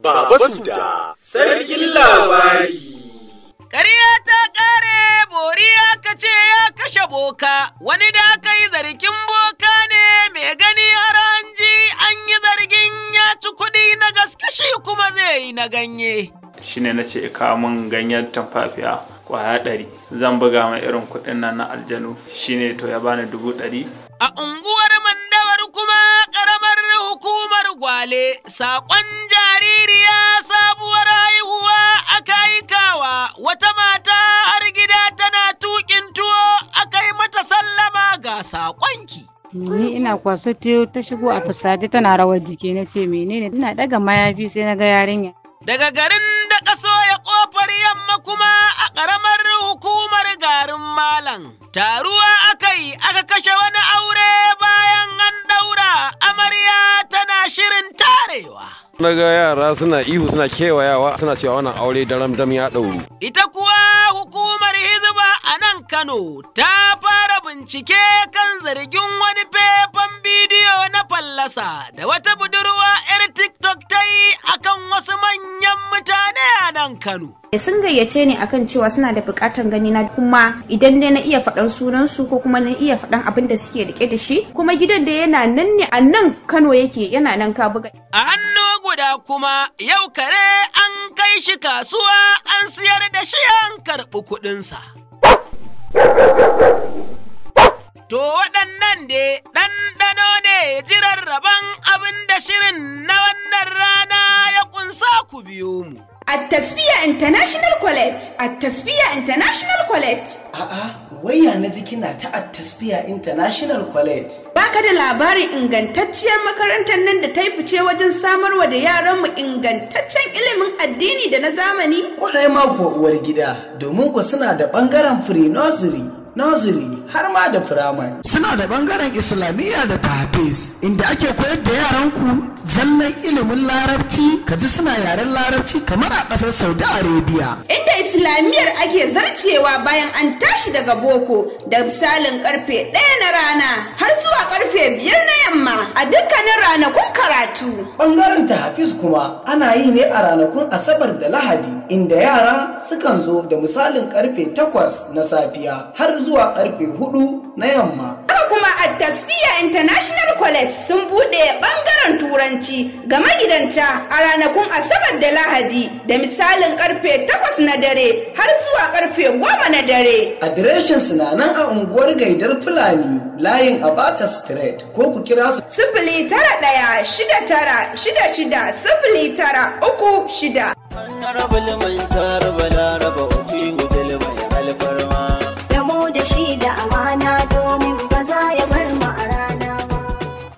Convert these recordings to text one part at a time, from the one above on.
Baba Suda, sarkin labari. Ƙarya ta ƙare, bori ya kace ya kashe boka, wani da aka yi zargin boka ne mai gani har hanji an yi zargin ya ci kuɗi na gaske shi kuma zai yi na ganye. Shi ne na ce kamun ganyen tamfafiya kwaya ɗari, zan buga mai irin kuɗin nan na aljanu shi ne to ya bani dubu ɗari. A unguwar mandawar kuma ƙara hukumar gwale saƙon jaririya sabuwar haihuwa aka aikawa wata mata har gida tana tukin tuwo aka yi mata sallama ga saƙonki. ni ina kwaso tiyo ta shigo a fasadi tana rawar jiki na ce menene ina daga mayafi sai na ga yarinya. Daga garin da kaso ya kofar yamma kuma a ƙaramar hukumar garin malam. Taruwa aka yi aka kashe wani Na ga yara suna ihu suna kewayawa suna cewa wannan aure daram dam ya ɗauru. Ita kuwa hukumar hizba a nan Kano ta fara bincike kan zargin wani faifan bidiyo na fallasa da wata budurwa 'yar TikTok ta yi akan wasu manyan mutane nan Kano. Eh, sun gayyace ni akan cewa suna da bukatan gani na kuma idan dai na iya faɗan sunan su ko kuma na iya faɗan abin da suke rike da shi kuma gidan da yana nan ne a nan Kano yake yana nan ka buga a hannu guda kuma yau kare an kai shi kasuwa an siyar da shi an karɓi kuɗinsa. To waɗannan dai ɗanɗano ne jiran rabon abin da shirin na wannan rana ya ƙunsa ku biyo mu. Tasfiya International College, at Tasfiya International College. A'a, waya na ji kina ta at Tasfiya International College. Baka da labarin ingantacciyar makarantar nan da ta fice wajen samarwa da yaranmu ingantaccen ilimin addini da na zamani? Kwarai ma kuwa uwar gida, domin ku suna da ɓangaren free nursery, nursery, har ma da firamare. Suna da bangaren Islamiyya da tafis inda ake koyar da yaranku zannan zallan ilimin larabci kaji suna yaren larabci kamar a ƙasar Saudi Arabia. Inda Islamiyyar ake zarcewa bayan an tashi daga boko da misalin karfe ɗaya na rana har zuwa karfe biyar na karatu. Bangaren ta kuma ana yi ne a ranakun Asabar da Lahadi inda yara sukan zo da misalin karfe takwas na safiya har zuwa karfe hudu na yamma. haka kuma a tasfiya international college sun buɗe ɓangaren turanci ga magidanta a ranakun asabar da lahadi da misalin karfe takwas na dare har zuwa karfe 10 na dare adireshin sinanan a unguwar gaidar fulani layin abata street ko ku kira su sifili tara ɗaya shida tara shida shida sifili tara uku shida da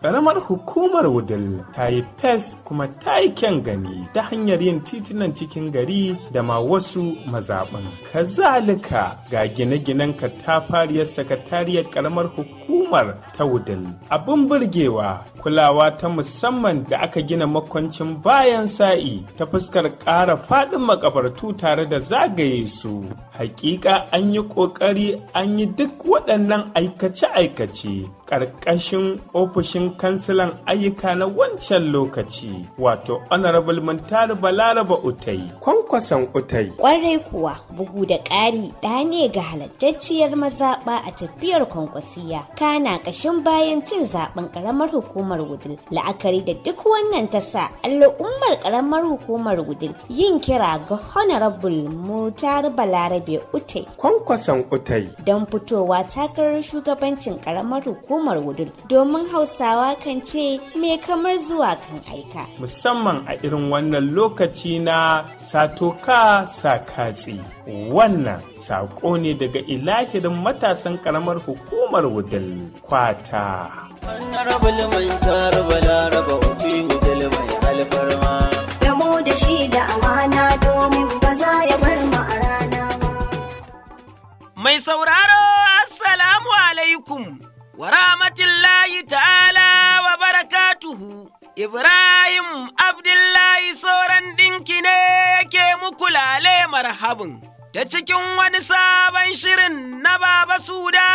Ƙaramar hukumar Wudil ta yi fes kuma ta yi kyan gani ta hanyar yin titunan cikin gari da ma wasu mazaɓin. Kazalika ga gine-ginen katafariyar sakatariyar ƙaramar hukumar hukumar ta wudil abin burgewa kulawa ta musamman da aka gina makwancin bayan sa'i ta fuskar ƙara faɗin makabartu tare da zagaye su hakika an yi ƙoƙari an yi duk waɗannan aikace-aikace ƙarƙashin ofishin kansilan ayyuka na wancan lokaci wato honorable muntari balaraba utai kwankwason utai ƙwarai kuwa bugu da ƙari ɗane ga halattacciyar mazaɓa a tafiyar kwankwasiya na kashin bayan cin zaben karamar hukumar wudil la'akari da duk wannan ta sa al'ummar karamar hukumar wudil yin kira ga honorable mutar balarabe utai kwankwason utai don fitowa takarar shugabancin karamar hukumar wudil domin hausawa kan ce me kamar zuwa kan aika musamman a irin wannan lokaci na satoka katsi wannan saƙo ne daga ilahirin matasan karamar hukumar wudil kwata. Mai sauraro, Assalamu alaikum, wa rahmatullahi ta'ala wa barakatuhu. Ibrahim Abdullahi sauran ɗinki ne yake muku lale marhabin. Da cikin wani sabon shirin na Baba Suda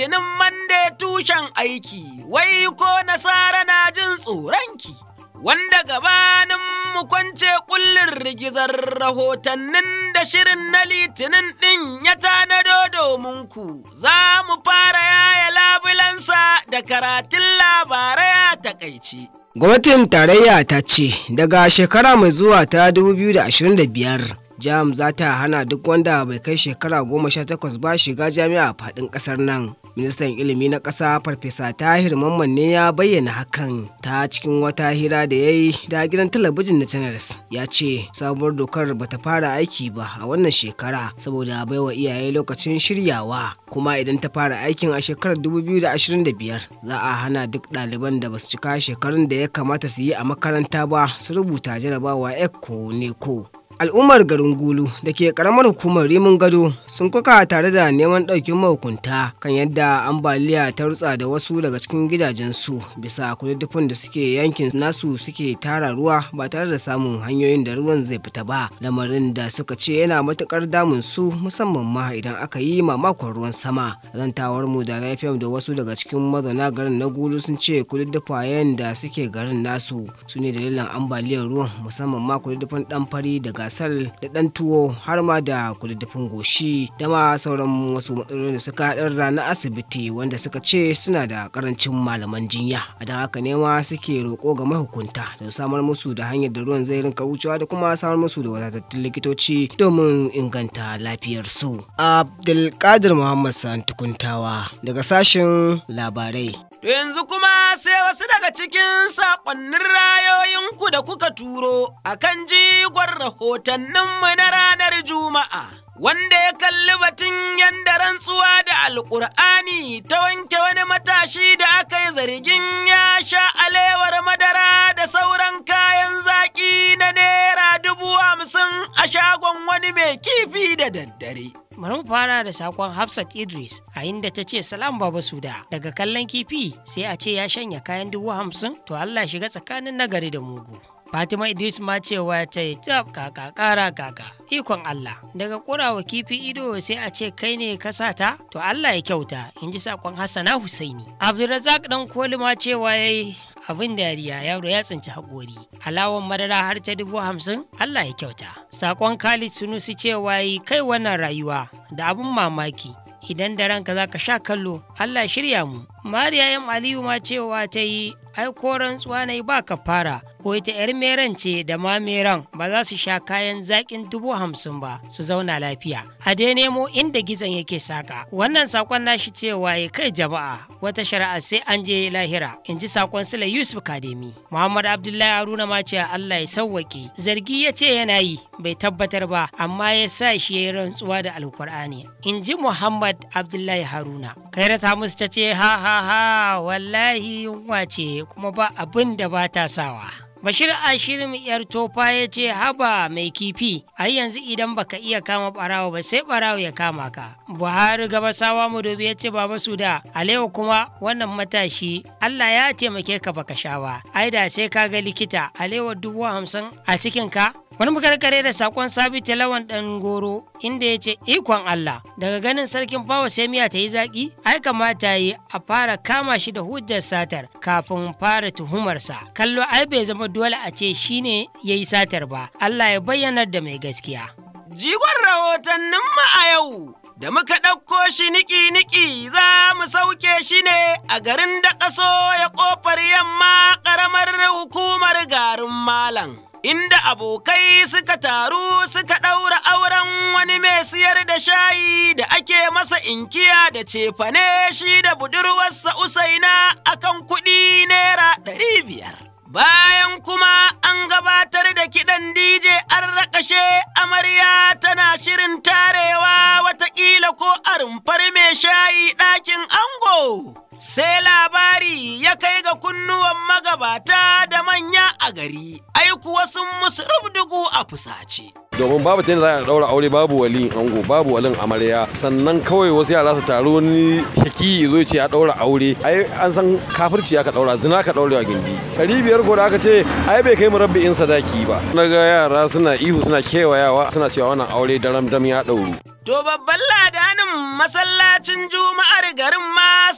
Litinin Mande tushen aiki, wai ko nasara na jin tsoronki, wanda gabanin mu kwance kullin rigizar rahotannin da shirin na litinin ɗin ya tanado domin ku, za mu fara yaya labulansa da karatun labarai a takaice. Gwamnatin tarayya ta ce daga shekara mai zuwa ta 2025 jam za ta hana duk wanda bai kai shekara goma sha 18 ba shiga jami'a a faɗin ƙasar nan. ministan ilimi na ƙasa farfesa tahir mamman ne ya bayyana hakan ta cikin wata hira da ya yi da gidan talabijin na channels ya ce sabuwar dokar bata fara aiki ba a wannan shekara saboda baiwa iyaye lokacin shiryawa kuma idan ta fara aikin a shekarar 2025 za a hana duk ɗaliban da basu cika shekarun da ya kamata su yi a makaranta ba su rubuta jarabawa eko ko. al'ummar garin gulu da ke karamar hukumar rimin gado sun kuka tare da neman ɗaukin mahukunta kan yadda ambaliya ta rutsa da wasu daga cikin gidajensu bisa kududdufin da suke yankin nasu suke tara ruwa ba tare da samun hanyoyin da ruwan zai fita ba lamarin da suka ce yana matukar damun su musamman ma idan aka yi mamakon ruwan sama zantawar mu da lafiyar da wasu daga cikin mazauna garin na gulu sun ce kududdufayen da suke garin nasu su ne dalilin ambaliyar ruwan musamman ma kududdufin ɗan fari daga asal da ɗan tuwo har ma da kududdufin goshi da ma sauran wasu matsaloli da suka haɗar na asibiti wanda suka ce suna da ƙarancin malaman jinya a don haka ne ma suke roƙo ga mahukunta da samar musu da hanyar da ruwan zai rinka wucewa da kuma samar musu da wadatattun likitoci domin inganta lafiyarsu. Abdulkadir Muhammad Santukuntawa daga sashin labarai. To yanzu kuma sai wasu daga cikin saƙonnin rayoyinku da kuka turo a kan jigon rahotanninmu na ranar Juma'a. Wanda ya kalli batun yanda rantsuwa da alƙur'ani ta wanke wani matashi da aka yi zargin ya sha alewar madara da sauran kayan zaƙi na naira dubu hamsin a shagon wani mai kifi da daddare. bari mu fara da sakon Hafsat Idris a inda ta ce salam baba suda daga kallon kifi sai a ce ya shanya kayan dubu hamsin to Allah shiga tsakanin nagari da mugu. Fatima Idris ma cewa ta yi tab kaka kara kaka ikon Allah daga kurawa kifi ido sai a ce kai ne ka sa ta to Allah ya kyauta in ji sakon Hassana Husaini. Abdulrazak dan koli ma cewa yayi abin dariya yaro ya tsinci haƙori alawan madara har ta dubu hamsin allah ya kyauta sakon khalid sunusi cewa yi kai wannan rayuwa da abin mamaki idan da ranka za ka sha kallo allah shirya mu mariya yan aliyu ma cewa ta yi ai rantsuwa na yi ba kafara ko ita yar meran ce da ma meran ba za su sha kayan zaƙin dubu hamsin ba su zauna lafiya a dai nemo inda gizon yake saƙa. wannan sakon nashi cewa ya kai jama'a wata shari'a sai an je lahira in ji sakon sila yusuf kademi muhammad abdullahi haruna ma ce allah ya sauwake zargi ya ce yana yi bai tabbatar ba amma ya sa shi ya yi rantsuwa da alkur'ani in ji muhammad abdullahi haruna kairata musu ta ce ha ha aha wallahi yunwa ce kuma ba abin da ba ta sawa bashir ashirin yar tofa ya ce haba mai kifi a yanzu idan baka iya kama barawo ba sai barawo ya kama ka buhari gaba gabasawa dobe ya ce baba su da alewa kuma wannan matashi allah ya taimake ka baka sha ba ai da sai ka ga likita alewa dubu hamsin a cikin ka Wani makarkare da sakon Sabitu Lawan ɗan Goro inda ya ce ikon Allah daga ganin sarkin fawa sai miya ta yi zaƙi ai kamata yi a fara kama shi da hujjar satar kafin fara tuhumarsa. Kallo ai bai zama dole a ce shine ya yi satar ba. Allah ya bayyanar da mai gaskiya. Jigon rahotannin mu a yau da muka ɗauko shi niki-niki za mu sauke shi ne a garin da ƙaso ya ƙofar yamma ƙaramar hukumar garin Malam. inda abokai suka taru suka ɗaura auren wani mai siyar da shayi da ake masa inkiya da cefane shi da budurwarsa usaina akan kuɗi naira ɗari biyar. Bayan kuma an gabatar da kiɗan DJ an raƙashe amarya tana shirin tarewa watakila ko a rumfar mai shayi ɗakin ango. sai labari ya kai ga kunnuwan magabata da manya a gari, ai kuwa sun musu rubdugu a fusace. domin babu ta za a daura aure babu wali ango babu walin amarya sannan kawai wasu yara su taru ni shaki zo ce a daura aure ai an san kafirci aka daura zina ka daure a gindi ɗari biyar ko da aka ce ai bai kai mu rabbi in sadaki ba na ga yara suna ihu suna kewayawa suna cewa wannan aure daram dam ya ɗauru. To babban ladanin masallacin Juma'ar garin ma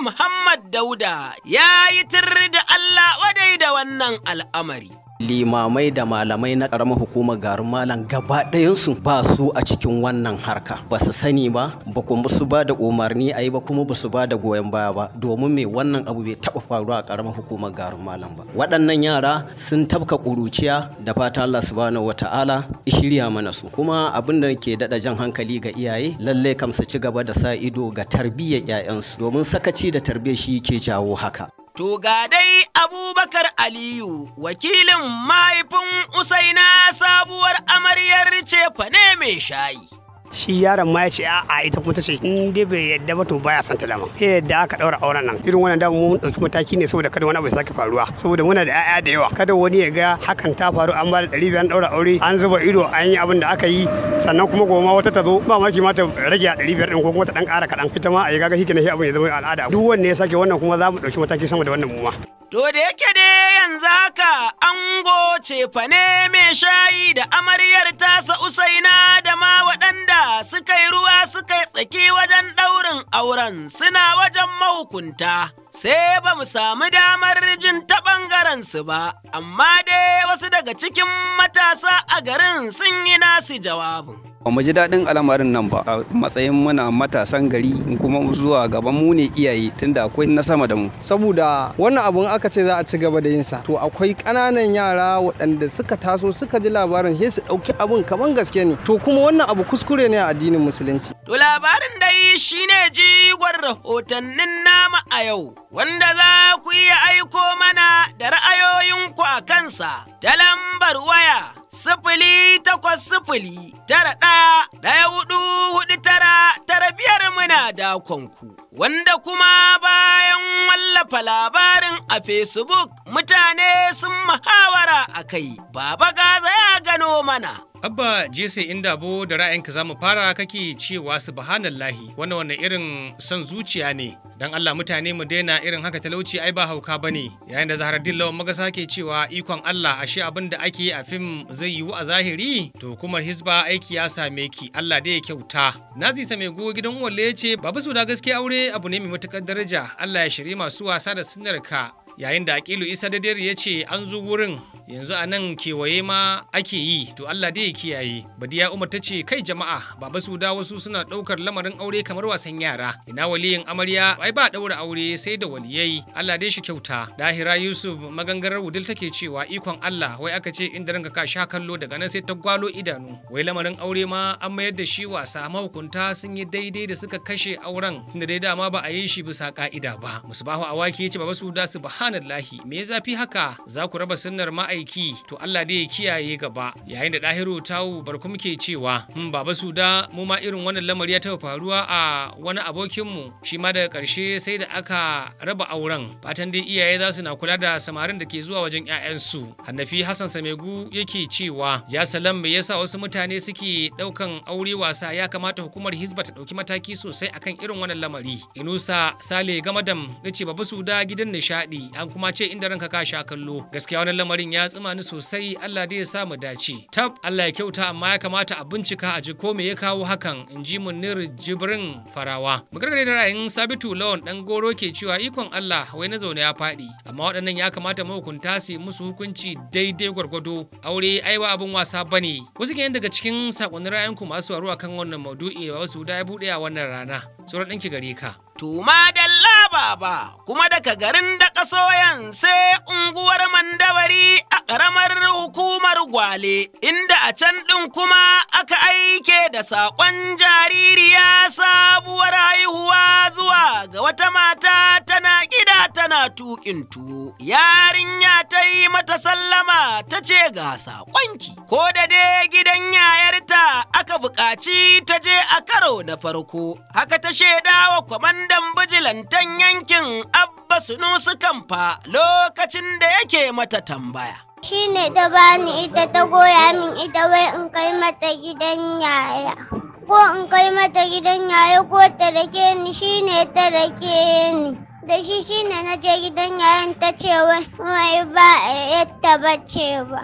Muhammad Dauda ya yi tirri da Allah wadai da wannan al'amari. limamai da malamai na karamar hukumar garin malam gaba ɗayansu ba su a cikin wannan harka ba su sani ba ba kuma su ba da umarni a ba kuma ba su ba da goyon baya ba domin me wannan abu bai taba faruwa a karamar hukumar garin malam ba waɗannan yara sun tabka kuruciya da fata Allah subhanahu wata'ala shirya mana su kuma abin da ke dada jan hankali ga iyaye lalle kam su ci gaba da sa ido ga tarbiyyar 'ya'yansu domin sakaci da tarbiyyar shi ke jawo haka To ga dai Abubakar Aliyu, wakilin mahaifin Usaina sabuwar amaryar ce cefane mai shayi. shi yaron ma ya ce a'a ita kuma ta ce in dai bai yadda ba to baya son ta dama sai yadda aka daura auren nan irin wannan dama mun dauki mataki ne saboda kada wani abu ya sake faruwa saboda muna da 'ya'ya da yawa kada wani ya ga hakan ta faru an ba da ɗari biyar daura aure an zuba ido an yi abin da aka yi sannan kuma goma wata ta zo ba maki ma ta rage a ɗari biyar ɗin ko kuma ta ɗan ƙara kaɗan ita ma a yi gaga shi kenan shi abin ya zama al'ada duk wanne ya sake wannan kuma za mu dauki mataki sama da wannan mu ma. To da yake dai yanzu haka ango cefane mai shayi da amaryar tasa usaina da ma waɗanda suka yi ruwa suka yi tsaki wajen ɗaurin auren suna wajen mahukunta. Sai ba mu samu damar jin ta ɓangarensu ba, amma dai wasu daga cikin matasa a garin sun yi nasu jawabin. ba mu ji daɗin al'amarin nan ba a matsayin muna matasan gari kuma zuwa gaban mu ne iyaye tunda akwai na sama da mu saboda wannan abun aka ce za a ci gaba da yin sa to akwai ƙananan yara waɗanda suka taso suka ji labarin sai su ɗauki abun kamar gaske ne to kuma wannan abu kuskure ne a addinin musulunci to labarin yi shine jigon rahotannin nama a yau wanda za ku iya aiko mana da ra'ayoyinku a kansa ta lambar waya sifili takwas sifili tara ɗaya ɗaya hudu hudu tara tara biyar muna da ku. Wanda kuma bayan wallafa labarin a Facebook mutane sun mahawara a kai, Baba Gaza ya gano mana. Abba inda bo da ra'ayinka za mu fara kake cewa subhanallahi wannan wannan irin son zuciya ne dan Allah mutane mu daina irin haka talauci ai ba hauka bane yayin da Zaharaddin Lawan Magasa ke cewa ikon Allah ashe abin da ake a fim zai yiwu a zahiri to kuma Hisba aiki ya same ki Allah da ya kyauta Nazi Same go gidan Wale ce babu su da gaske aure abu ne mai matukar daraja Allah ya shiri masu wasa da sunnar ka yayin da aƙilu isa da ya ce an zo wurin yanzu a nan kewaye ma ake yi to allah dai ya kiyaye badiya umar ta ce kai jama'a baba su da wasu suna ɗaukar lamarin aure kamar wasan yara ina waliyin amarya ai ba ɗaura aure sai da waliyai allah dai shi kyauta dahira yusuf maganganar wudil take cewa ikon allah wai aka ce inda ranka ka sha kallo daga nan sai ta gwalo idanu wai lamarin aure ma an mayar da shi wasa mahukunta sun yi daidai da suka kashe auren da dai dama ba a yi shi bisa ka'ida ba Musu musbahu awaki ya ce baba su da su ba subhanallahi me ya zafi haka za ku raba sunnar ma'aiki to Allah dai ya kiyaye gaba yayin da ɗahiru tawu barku muke cewa mun hmm, baba su da mu ma irin wannan lamari ya taɓa faruwa a wani abokinmu shi ma daga ƙarshe sai da aka raba auren fatan dai iyaye za su na kula da samarin da ke zuwa wajen 'ya'yansu hannafi hassan samegu yake cewa ya salam me yasa wasu mutane suke ɗaukan aure wasa ya kamata hukumar hizba ta ɗauki mataki sosai akan irin wannan lamari inusa sale gamadam ya ce babu su da gidan nishaɗi an kuma ce inda ranka ka sha kallo gaskiya wannan lamarin ya tsima ni sosai Allah dai ya sa mu dace tab Allah ya kyauta amma ya kamata a bincika a ji ko me ya kawo hakan in ji munir jibrin farawa magana da ra'ayin sabitu lawan dan goro ke cewa ikon Allah wai na zaune ya faɗi amma waɗannan ya kamata mahukunta su musu hukunci daidai gwargwado aure aiwa abin wasa bane wasu kenan daga cikin sakonnin ku masu waruwa kan wannan maudu'i wasu da ya buɗe a wannan rana sauran ɗinki gare ka. Tuma dalla Ababa kuma daga garin da kasoyan sai unguwar Mandawari a ƙaramar hukumar Gwale inda a can ɗin kuma aka aike da saƙon jaririya sabuwar haihuwa zuwa ga wata mata tana gida. tana tuƙin tuwo, yarinya ta yi mata sallama ta ce ga saƙonki, ko da dai gidan yayarta aka buƙaci ta je a karo na farko, haka ta wa kwamandan bijilantan yankin Abba kan Kamfa lokacin da yake mata tambaya. shi ne ta bani ita ta goya min ita wai in kai mata gidan yaya ko in kai mata gidan yaya ko ta rake ni shi ne ta rake ni da shi shi ne na je gidan yayan ta ce wai ba yadda ba ce ba.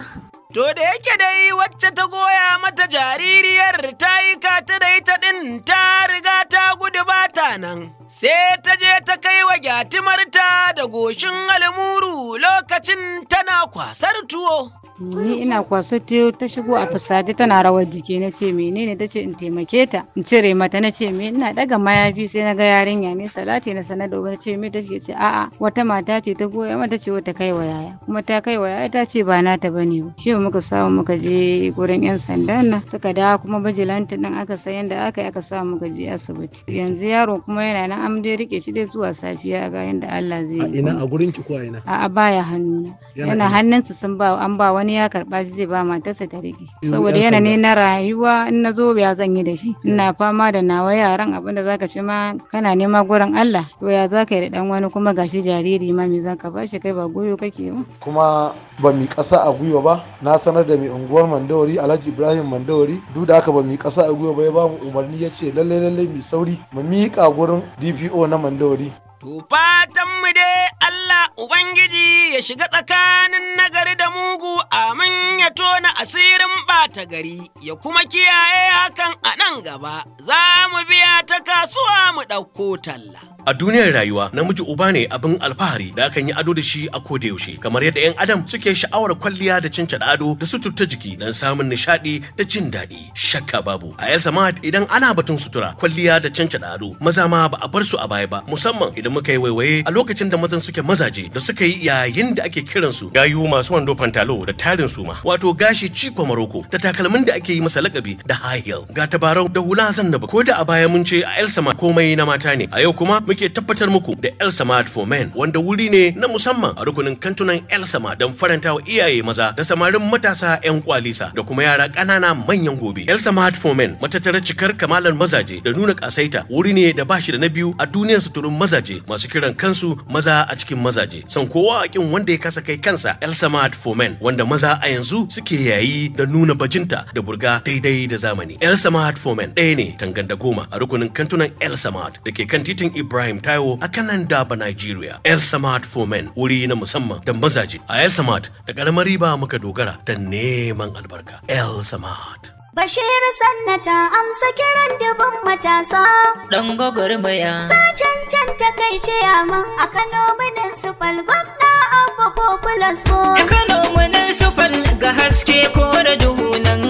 To da yake da dai wacce ta goya mata jaririyar ta yi kata da ita ɗin ta riga ta gudu ba ta nan. Sai ta je ta kai wa gyatimarta da goshin almuru lokacin tana kwasar tuwo. ni ina kwaso tiyo ta shigo a fasadi tana rawar jiki na ce menene ta ce in taimake ta in cire mata na ce me ina daga mayafi sai na ga yarinya ne salati na sanar da wani ce me take ce a'a wata mata ce ta goya mata ce wata kai wa yaya kuma ta kai wa yaya ta ce ba na ta bane ba shi muka samu muka je gurin yan sandan nan suka da kuma bajilanta nan aka san yanda aka yi aka samu muka je asibiti yanzu yaro kuma yana nan an dai rike shi dai zuwa safiya ga yanda Allah zai yi a ina a gurin ki ko a ina a'a baya hannu na yana hannunsu sun ba an ba wani ya karba zai ba matarsa ta rike saboda yana ne na rayuwa in na zo ya zan yi da shi ina fama da nawa yaran abin da zaka ce ma kana nema gurin Allah to ya zaka yi da dan wani kuma gashi jariri ma me zaka ba shi kai ba goyo kake ba kuma ba mi kasa a gwiwa ba na sanar da mai unguwar Mandawari Alhaji Ibrahim Mandawari duk da haka ba mi kasa a gwiwa ba ya ba mu umarni ya ce lalle lalle mi sauri mu miƙa gurin DPO na Mandawari To mu dai Allah Ubangiji ya shiga tsakanin nagari da mugu amin ya tona asirin ɓata gari ya kuma kiyaye hakan a nan gaba za mu biya ta kasuwa mu ɗauko talla. A duniyar rayuwa namiji uba ne abin alfahari da akan yi ado da shi a koda yaushe kamar yadda 'yan adam suke sha'awar kwalliya da da ado da suturta jiki don samun nishaɗi da jin daɗi. Shakka babu. A yar samad idan ana batun sutura kwalliya da da ado maza ma ba a bar su a baya ba musamman idan muka yi waiwaye a lokacin da mazan suke mazaje da suka yi yayin da ake kiran su gayu masu wando pantalo da tarin suma wato gashi ciko maroko da takalmin da ake yi masa lakabi da high heel ga tabarau da hula zanna ba ko da a baya mun ce a yar samad komai na mata ne a yau kuma muke tabbatar muku da El Samad for Men wanda wuri ne na musamman a rukunin kantunan El Samad don faranta iyaye maza da samarin matasa 'yan kwalisa da kuma yara ƙanana manyan gobe. El Samad for Men matattara cikar kamalan mazaje da nuna ƙasaita wuri ne da bashi da na biyu a duniyar suturin mazaje masu kiran kansu maza a cikin mazaje. San kowa a kin wanda ya kasa kai kansa El Samad for Men wanda maza a yanzu suke yayi da nuna bajinta da burga daidai da zamani. El Samad for Men ɗaya ne tangan da goma a rukunin kantunan El Samad da ke kan titin Ibrahim Ibrahim Taiwo a kanan Daba Nigeria El Samad for Men wuri na musamman da mazaje a El Samad da karamar riba muka dogara da neman albarka El Samad Bashir sannata ta amsa kiran dubun matasa. Ɗan gwagwarmaya. Ta cancanta kai ce ma a Kano municipal gwamna ko plus Board. A Kano municipal ga haske ko da duhu nan.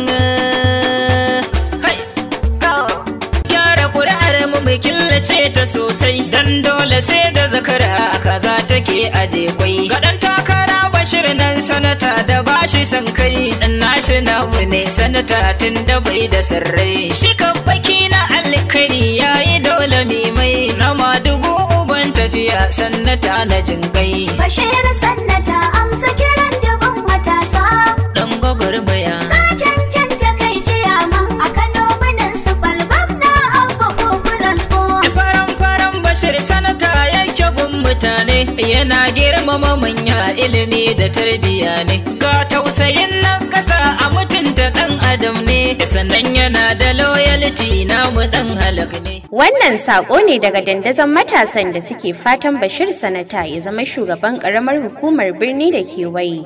lalace ta sosai dan dole sai da zakara kaza take aje kwai ga takara bashir nan sanata da bashi san kai dan nashi namu ne sanata tun da bai da sirrai shi kan baki na alkari yana girmama manya ilimi da tarbiya ne ga tausayin nan kasa a mutunta dan adam ne sannan yana da loyalty na mu dan halak ne wannan sako ne daga dandazon matasan da suke fatan Bashir Sanata ya zama shugaban karamar hukumar birni da kewaye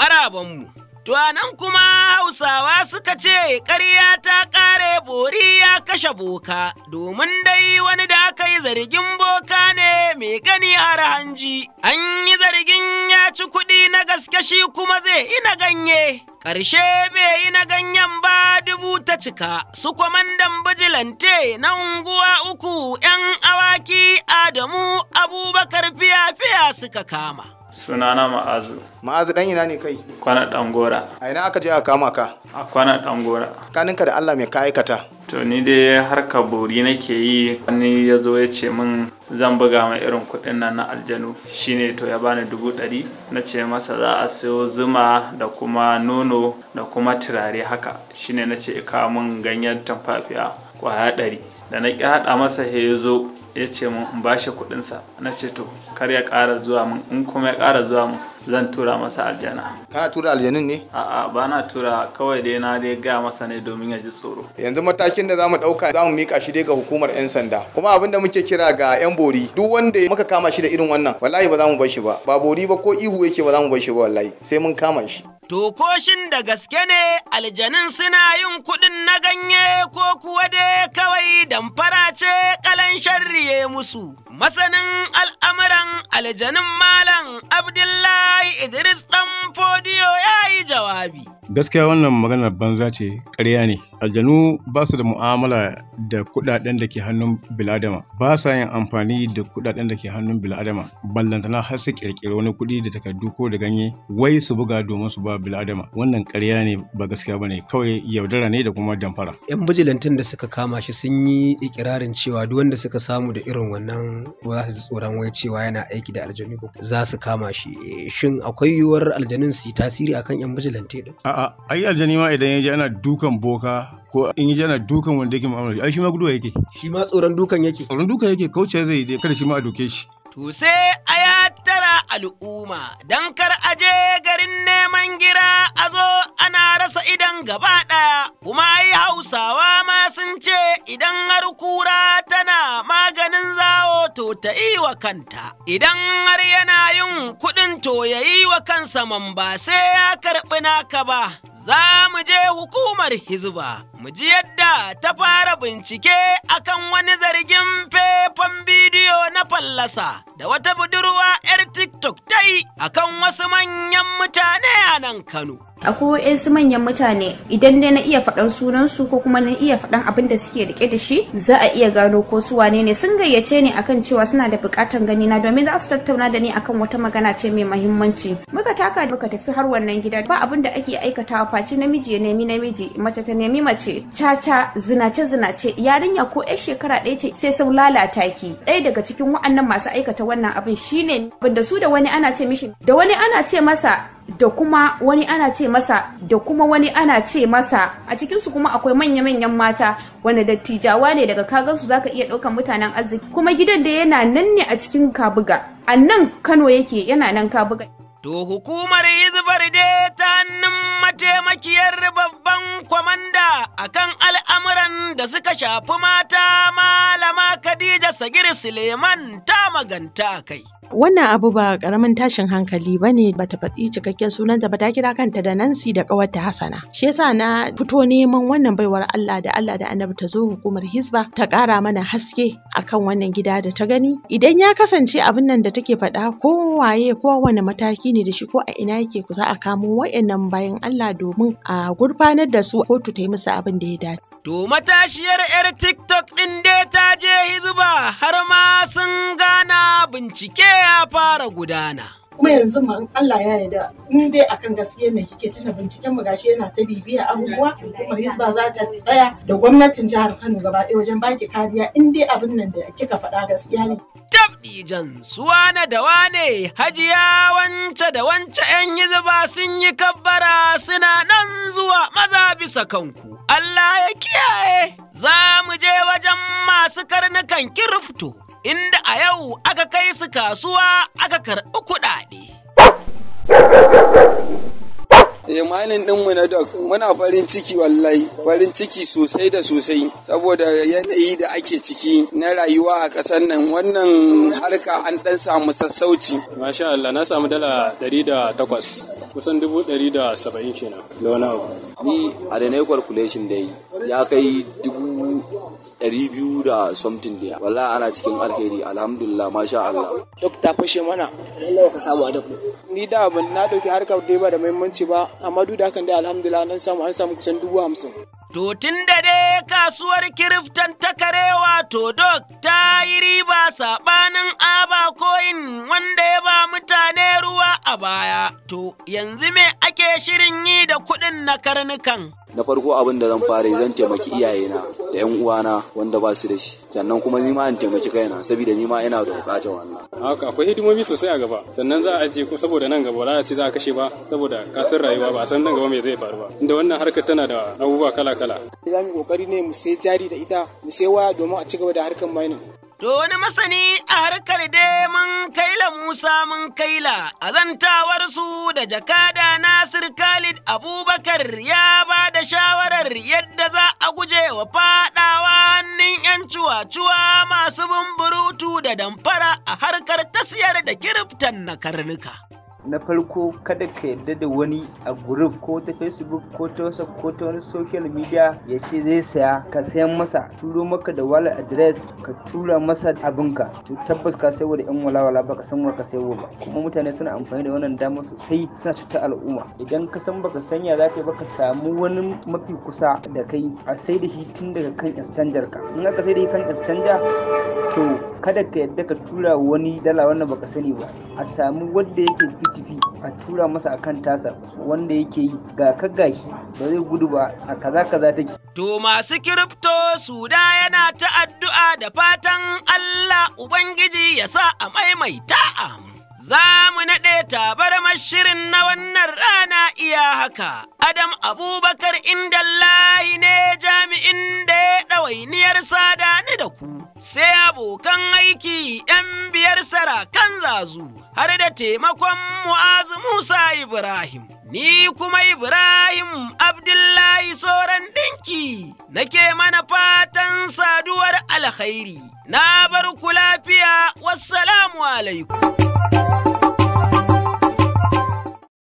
marabanmu To nan kuma Hausawa suka ce ƙarya ta ƙare bori ya kashe boka, domin dai wani da aka yi zargin boka ne mai gani har hanji. An yi zargin ya ci kuɗi na gaske shi kuma zai ina ganye. Ƙarshe bai yi na ganyen ba dubu ta cika, su kwamandan bijilante na unguwa uku ‘yan awaki Adamu Abubakar fiya-fiya suka kama. Sunana Ma'azu. Ma'azu dan ina ne kai? Kwana dan gora. A ina aka je a kama ka? A kwana dan gora. Kaninka da Allah mai ka aikata? To ni dai harka bori nake yi wani ya zo ya ce min zan buga mai irin kuɗin nan na aljanu shine to ya bani dubu ɗari na ce masa za a siyo zuma da kuma nono da kuma turare haka shine na ce ka min ganyen tamfafiya kwaya ɗari da na ƙi haɗa masa ya zo ya ce mun in ba shi sa na ce to kar ya ƙara zuwa mun in kuma ya ƙara zuwa mun zan tura masa aljana kana tura aljanin ne a'a ba na tura kawai dai na dai ga masa ne domin ya ji tsoro yanzu matakin da zamu ɗauka zamu mika shi dai ga hukumar yan sanda kuma abin da muke kira ga yan bori duk wanda muka kama shi da irin wannan wallahi ba za mu bar shi ba ba bori ba ko ihu yake ba za mu bar shi ba wallahi sai mun kama shi Tokoshin da gaske ne aljanin suna yin kuɗin na ganye ko kuwa dai kawai damfara ce kalan sharriye musu. Masanin al'amuran aljanin Malam Abdullahi Idris ɗan fodiyo ya yi jawabi. Gaskiya wannan maganar banza ce, ƙarya ne. Aljanu ba su da mu'amala da kuɗaɗen da ke hannun biladama. Ba sa yin amfani da kuɗaɗen da ke hannun biladama. Ballantana har su kirkiri wani kuɗi da takardu ko da ganye wai su buga domin su ba biladama. Wannan ƙarya ne ba gaskiya ba kawai yaudara ne da kuma damfara. 'Yan bijilantin da suka kama shi sun yi ikirarin cewa duk wanda suka samu da irin wannan ba za su ji tsoron wai cewa yana aiki da aljanu za su kama shi. Eh, shin akwai yiwuwar aljanun su yi tasiri akan 'yan bijilante din? A'a, ai aljani ma idan yaje ana dukan boka ko in yaje ana dukan wanda yake mu'amala ai shi ma guduwa yake. Shi ma tsoron dukan yake. Tsoron dukan yake kauce zai je kada shi ma a duke shi. To sai aya tara al'umma dan kar aje garin neman gira a zo ana rasa idan gaba daya kuma ai Hausawa ma sun ce idan har kura tana maganin wato ta yi wa kanta, idan har yana yin kuɗin to ya yi wa kansa man ba sai ya karɓi naka ba, za mu je hukumar hizba, mu ji yadda ta fara bincike akan wani zargin faifan bidiyo na fallasa da wata budurwa 'yar TikTok ta yi akan wasu manyan mutane a nan Kano. akwai wa'yansu manyan mutane idan dai na iya faɗan sunansu ko kuma na iya faɗan abin da suke rike da shi za a iya gano ko su wane ne sun gayyace ni akan cewa suna da buƙatan gani na domin za su tattauna da ni akan wata magana ce mai muhimmanci muka taka muka tafi har wannan gida ba abin da ake aikatawa face namiji ya nemi namiji mace ta nemi mace caca zinace zinace yarinya ko yar shekara ɗaya ce sai sun lalata ki ɗaya daga cikin wa'annan masu aikata wannan abin shine abin da su da wani ana ce mishi da wani ana ce masa da kuma wani ana ce masa da kuma wani ana ce masa a cikinsu kuma akwai manya-manyan mata wanda dattijawa ne daga kagansu za ka iya ɗaukan mutanen arziki kuma gidan da yana nan ne a cikin kabuga a nan kano yake yana nan kabuga To hukumar Hizbar de ta hannun mataimakiyar babban kwamanda a kan al'amuran da suka shafi mata malama Khadija Sagir Suleiman ta maganta kai. Wannan abu ba karamin tashin hankali ba ne ba ta faɗi cikakken sunanta ba ta kira kanta da Nancy da ƙawarta Hassana. Shi yasa na fito neman wannan baiwar Allah da Allah da Annabi ta zo hukumar Hizba ta ƙara mana haske akan wannan gida da ta gani. Idan ya kasance abin nan da take faɗa kowaye ko wani mataki ne da shi ko a ina yake ku za a kamo wayannan bayan Allah domin a gurfanar da su kotu ta yi musu abin da ya dace. To matashiyar 'yar TikTok ɗin dai ta je hizba har ma sun gana bincike ya fara gudana. kuma yanzu ma Allah ya yarda in dai akan gaskiya ne kike tuna binciken mu gashi yana ta bibiya abubuwa kuma hisba za ta tsaya da gwamnatin jihar Kano gaba ɗaya wajen baki kariya in dai abin nan da kika faɗa gaskiya ne tabdijan suwana da wane hajiya wance da wance yan yi zuba sun yi kabbara suna nan zuwa maza bisa kanku Allah ya kiyaye za mu je wajen masu karnukan kirfto inda a yau aka kai su kasuwa aka karɓi kuɗaɗe. Imanin ɗinmu na dok muna farin ciki wallahi farin ciki sosai da sosai saboda yanayi da ake ciki na rayuwa a ƙasar nan wannan harka an ɗan samu sassauci. Masha Allah na samu dala ɗari da takwas kusan dubu ɗari da saba'in kenan da wani abu. Ni a da na yi calculation da ya kai ɗari biyu da something ne wala ana cikin alheri alhamdulillah masha Allah. Duk ta fashe mana. Nawa ka samu a duk? Ni da ban na ɗauki harkar dai ba da muhimmanci ba amma duk da hakan dai alhamdulillah nan samu an samu kusan dubu hamsin. To tun da dai kasuwar kiriftan ta kare wato dok ta yi riba saɓanin aba koyin wanda ya ba mutane ruwa a baya. To yanzu me ake shirin yi da kuɗin na karnukan? Na farko abin da zan fara zan taimaki iyayena da yan uwana wanda ba su da shi sannan kuma ni ma in taimaki kaina saboda ni ma ina da bukatar wannan haka akwai hidimomi sosai a gaba sannan za a je ko saboda nan gaba ba ce za a kashe ba saboda kasar rayuwa ba san nan gaba mai zai faru ba inda wannan harkar tana da abubuwa kala kala za mu kokari ne mu sai jari da ita mu sai waya domin a ci gaba da harkar mining To wani masani a harkar dai mun kaila Musa mun kaila a zantawarsu da jakada Nasir Khalid Abubakar ya ba da shawarar yadda za a guje wa fadawa hannun 'yan cuwa-cuwa masu bumburutu da damfara a harkar tasiyar da kiriftan na karnuka. na farko kada ka yadda da wani a group ko ta facebook ko ta whatsapp ko ta wani social media ya ce zai saya ka sayan masa turo maka da wallet address ka tura masa abinka to tabbas ka sayo da yan walawala ba ka san wa ka sayo ba kuma mutane suna amfani da wannan dama sosai suna cuta al'umma idan ka san baka sanya za ka baka samu wani mafi kusa da kai a sai da shi tun daga kan exchanger ka in aka sai da shi kan exchanger to kada ka yadda ka tura wani dala wannan baka sani ba a samu wanda yake fi tafi a tura masa a kan tasa wanda yake yi ga kaggashi ba zai gudu ba a kaza kaza take To masu kirifto su da yana ta addu'a da fatan Allah Ubangiji ya sa a maimaita amin. za mu naɗe tabarmar shirin na wannan rana iya haka. Adam Abubakar Indallahi ne jami'in da ya ɗawainiyar sada ni da ku, sai abokan aiki ‘yan biyar sarakan zazu, har da taimakon Mu'azu Musa Ibrahim. Ni kuma Ibrahim Abdullahi Soran Dinki nake mana fatan saduwar alkhairi, na bar ku lafiya, wassalamu alaikum.